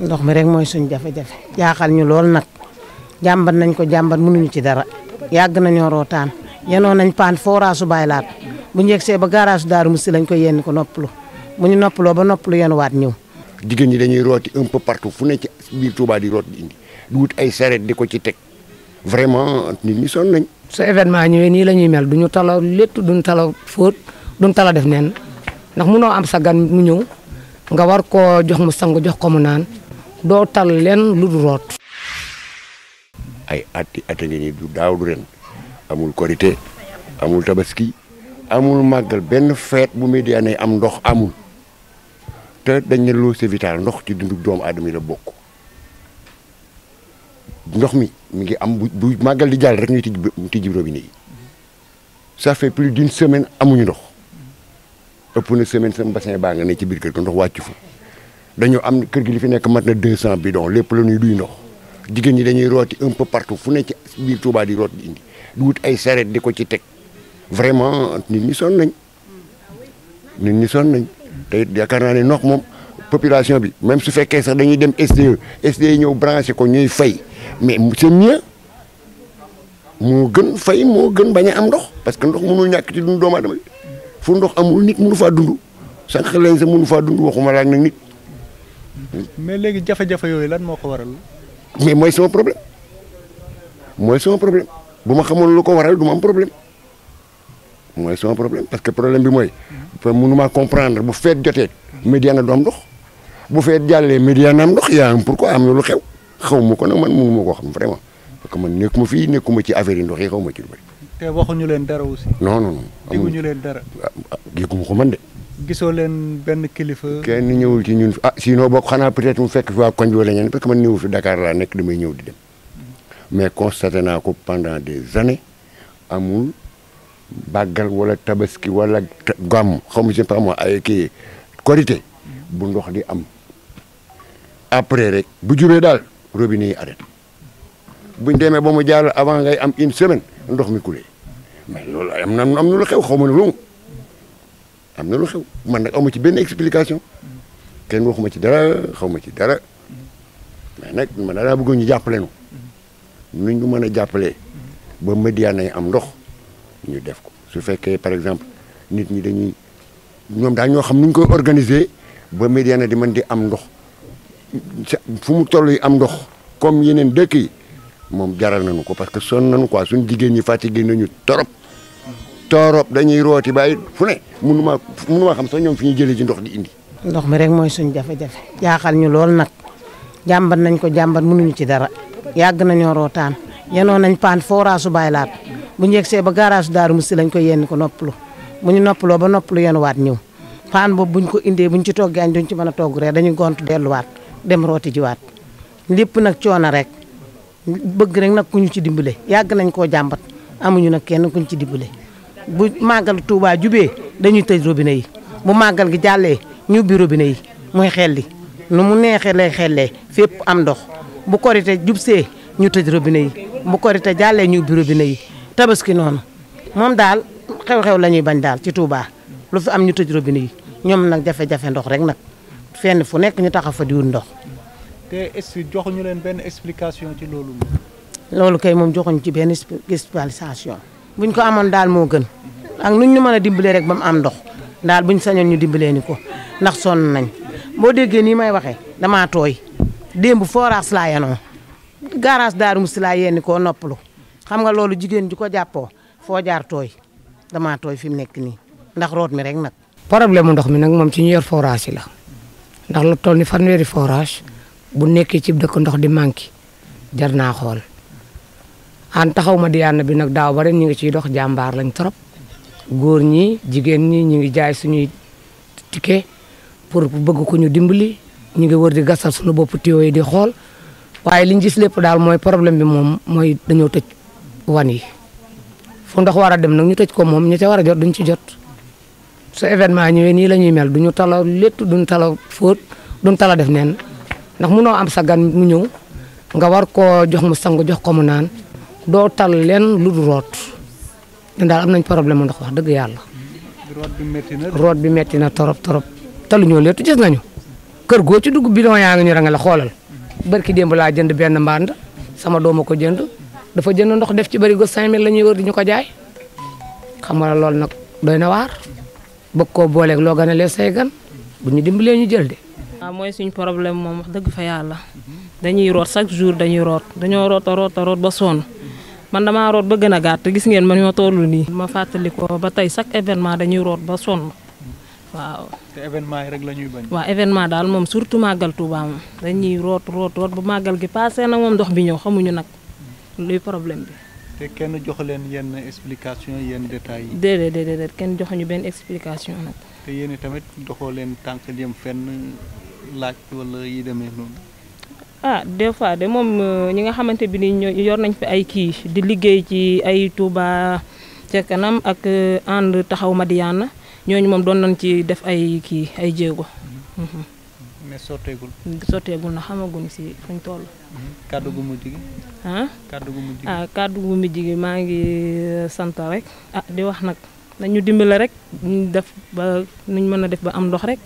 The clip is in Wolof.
ndox mi rek mooy suñ jafe-jafe jaaxal ñu lool nag jàmbat nañ ko jàmbat mënuñu ci dara yàgg nañoo rootaan yenoo nañ paan forage su Baye Laat bu ñu yegsee ba garage su Daaru Musti lañ ko yenn ko noppalu bu ñu noppaloo ba noppalu yenuwaat ñëw. jigéen ñi dañuy rooti un peu partout fu ne ci biir Touba di root di indi di wut ay saret di ko ci teg vraiment nit ñi sonn nañ. su événement ñëwee nii la ñuy mel du duñu tala létt duñu tala fóot duñu tala def neen ndax mënoo am sa gan mu ñëw nga war koo jox mu sangu jox ko mu naan. doo tal leen lu du root ay atti ati ngi ni du daaw du ren amul korité amul tabaski amul màggal benn feet bu Médiyana am ndox amul te dañ ne l'eau c'est ndox ci dundu doomu aadama yi la bokk ndox mi mi ngi am bu bu màggal di jàll rek ñuy tijji tijji robinet yi ça fait plus d'une semaine amuñu ndox ëpp na semaine sama bassin baa nga ne ci biir kër ndox wàccu fa dañoo am kër gi fi nekk mat na bi bidon lépp la ñuy duy ndox jigéen ñi dañuy rooti un peu partout fu ne ci biir Touba di root di indi di ay sareet di ko ci teg vraiment nit ñi sonn nañ nit ñi sonn nañ te it yaakaar naa ne ndox moom population bi même su fekkee sax dañuy dem SDE SDE ñëw branché ko ñuy fay mais c'est mieux moo gën fay moo gën bañ a am ndox parce que ndox mënul ñàkk ci dund doomu aadama fu ndox amul nit mënu faa dund sànq leen sa mënu faa dund waxuma mais léegi jafe-jafe yooyu lan moo ko waral. mais mooy sama problème mooy sama problème bu ma xamoon lu ko waral du ma am problème mooy sama problème parce que problème bi mooy. mënuma comprendre bu feet jotee. Médiana du am ndox bu feet jàllee Médiana am ndox yaa am pourquoi am na lu xew xaw ma ko nag man mënuma koo xam vraiment parce que man nekkuma fii nekkuma ci affaire yi ndox yi xaw ma ci lu bëri. te waxuñu leen dara aussi. non non non. diguñu leen dara. Ah, ah, yëguma ko man de. gisoo leen benn kilifa. kenn ñëwul ci ñun ah sinon bokk xanaa peut-être mu fekk fi waa koñ bi wala ñeneen parce que man ñëwul fi Dakar laa nekk damay ñëw di dem mais constaté naa ko pendant des années amul bàggal wala tabaski wala gàmm xam je ne sais ay kii korité bu ndox di am après rek bu juree daal robinet yi arrêté buñ demee ba mu jàll avant ngay am une semaine ndox mi coulé mais loolu am na am na lu xew xaw ma ne am na lu xew man nag awma ci benn explication kenn waxuma ci dara xaw ma ci dara mais nag man daal bëggoon ñu jàppale nu nu ñu mën a jàppalee ba Médiane yi am ndox ñu def ko su fekkee par exemple nit ñi dañuy ñoom daal ñoo xam nu ñu koy organiser ba na di mën di am ndox fu mu toll yi am ndox comme yeneen dëkk yi moom jaral nañu ko parce que son nañu quoi suñ jigéen ñi fatigué nañu torop toorob dañuy rooti bàyyi fu ne mënuma mënuma xam sax ñoom fi ñuy jëlee ci ndox di indi. ndox mi rek mooy suñu jafe-jafe jaaxal ñu lool nag jàmbat nañ ko jàmbat mënuñu ci dara yàgg nañoo rootaan yenoon nañ paan foraasu bàyyi laat bu ñu yegsee ba garage daaru mu si lañ ko yenn ko noppalu bu ñu noppaloo ba noppalu yenuwaat ñëw paan boobu buñ ko indee buñ ci toggee añ duñ ci mën a togg rek dañuy gont delluwaat dem rooti jiwaat lépp nag coono rek bëgg rek nag ku ñu ci dimbale yàgg nañ koo jàmbat amuñu nag kenn kuñ ci dimbale bu màggal Touba jubee dañuy tëj robinet yi bu màggal gi jàllee ñu ubbi robinet yi muy xelli nu mu neexee lay xellee fépp am ndox bu korite jubsee ñu tëj robinet yi bu korite jàllee ñu ubbi robinet yi tabaski noonu moom daal xew-xew la ñuy bañ daal ci Touba lu am ñu tëj robinet yi ñoom nag jafe-jafe ndox rek nag fenn fu nekk ñu taxaw fa di wut ndox. joxuñu leen benn explication ci loolu. loolu kay moom joxuñ ci benn explication. buñ ko amoon daal moo gën ak nuñ ñu mën a dimbalee rek ba mu am ndox daal buñ sañoon ñu dimbalee ni ko ndax sonn nañ boo déggee nii may waxee damaa tooy démb forage laa yanoo garage daaru musi laa yenni koo noppalu xam nga loolu jigéen ju ko jàppoo foo jaar tooy dama tooy fi mu nekk nii ndax root mi rek nag. problème mu ndox mi nag moom ci ñu yor forage yi la ndax lu toll ni fanweeri forage bu nekkee ci dëkk ndox di manqué jar naa xool. an taxaw ma Diyana bi nag daaw ba ñu ngi ciy dox jàmbaar trop góor ñi jigéen ñi ñu ngi jaay suñuy ticket pour bëgg ku ñu dimbali ñu ngi wër di gasal suñu boppu tuyoo yi di xool waaye liñ gis lépp daal mooy problème bi moom mooy dañoo tëj wan yi fu ndox war a dem nag ñu tëj ko moom ñi ca war a jot duñ ci jot su événement ñëwee nii la mel duñu tala létt duñ tala fóot duñ tala def neen ndax munoo am sa gan mu ñëw nga war ko jox mu sangu jox ko mu naan doo tal leen lu du root ñun daal am nañ problème mu ndox wax dëgg yàlla. root bi métti na root bi métti na torop torop taluñoo léttu gis nañu. kër goo ci dugg bidon yaa ngi ñu rangale xoolal barki démb laa jënd benn mbànd sama dooma ko jënd dafa jënd ndox def ci barigo 5000 la ñuy wër di ko jaay xam nga loolu nag doy na waar bëgg koo booleek loo gën a lee say bu ñu dimbalee ñu jël de. waaw ah, mooy suñu problème moom wax dëgg fa yàlla dañuy root chaque jour dañuy root dañoo root a root ba sonn. man damaa root ba gën a gàtt gis ngeen man ñoo toll nii. ma fàttali ko ba tey chaque événement dañuy root ba sonn waaw. te événement yi rek la ñuy bañ. waaw événement daal moom surtout màggal Touba moom dañuy root root bu màggal gi passé na moom ndox bi ñëw xamuñu nag luy problème bi. te kenn jox leen yenn explication yenn détails yi. déedéet déedéet kenn ñu benn explication nag. te yéen tamit doxoo leen tànk jëm fenn laaj wala yi demee noonu. ah des fois de moom euh, ñi nga xamante bi ni ñoo yor nañ fi ay kii di liggéey ci ay Touba ca kanam ak euh, ànd taxaw Madiyana ñooñu moom doon nañ ci def ay kii ay jéego. Mm-hmm. Mm-hmm. Mm-hmm. mais na xamaguñ si fuñ toll. kàddu gu mujj gi. Ah? kàddu gu mujj ah, maa ngi euh, sant rek ah di wax nag nañu dimbile rek def ba nuñ mën a def ba am ndox rek.